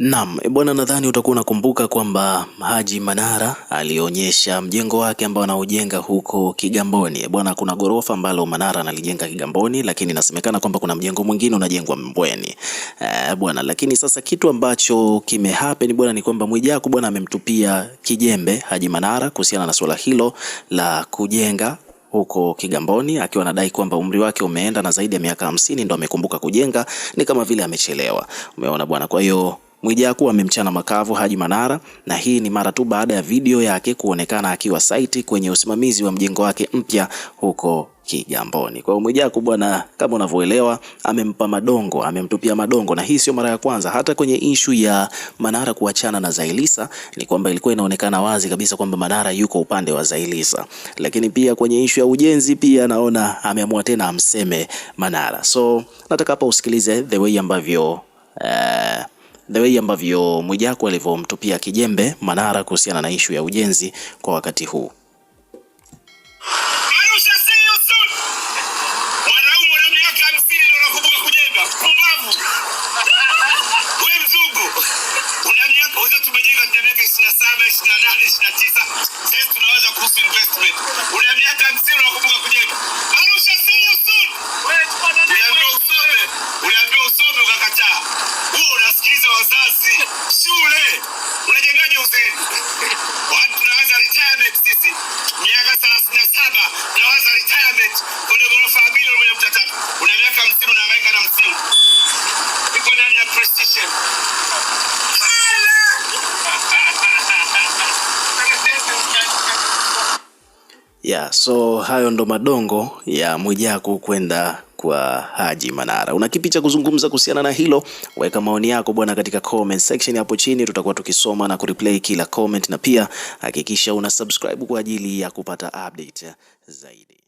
Naam, eh, bwana, nadhani utakuwa unakumbuka kwamba Haji Manara alionyesha mjengo wake ambao anaujenga huko Kigamboni. Eh, bwana, kuna gorofa ambalo Manara analijenga Kigamboni, lakini inasemekana kwamba kuna mjengo mwingine unajengwa Mbweni. Eh, bwana, lakini sasa kitu ambacho kimehappen bwana ni kwamba Mwijaku bwana amemtupia kijembe Haji Manara kuhusiana na suala hilo la kujenga huko Kigamboni akiwa anadai kwamba umri wake umeenda na zaidi ya miaka hamsini ndo amekumbuka kujenga, ni kama vile amechelewa. Umeona bwana, kwa hiyo Mwijaku amemchana makavu Haji Manara na hii ni mara tu baada ya video yake kuonekana akiwa saiti kwenye usimamizi wa mjengo wake mpya huko Kigamboni. Kwa hiyo Mwijaku bwana, kama unavyoelewa, amempa madongo, amemtupia madongo, na hii sio mara ya kwanza. Hata kwenye ishu ya Manara kuachana na Zailisa ni kwamba ilikuwa inaonekana wazi kabisa kwamba Manara yuko upande wa Zailisa, lakini pia kwenye ishu ya ujenzi pia naona ameamua tena amseme Manara. So nataka hapa usikilize the way ambavyo uh, the way ambavyo Mwijaku alivyomtupia kijembe Manara kuhusiana na ishu ya ujenzi kwa wakati huu. Watu retirement sisi miaka thelathini na saba retirement kwenye ghorofa ya bilioni moja nukta tatu una miaka hamsini unahangaika na iko ndani ya yeah, so hayo ndo madongo ya Mwijaku kwenda kwa Haji Manara. Una kipi cha kuzungumza kuhusiana na hilo? Weka maoni yako bwana katika comment section hapo chini, tutakuwa tukisoma na kureplay kila comment, na pia hakikisha una subscribe kwa ajili ya kupata update zaidi.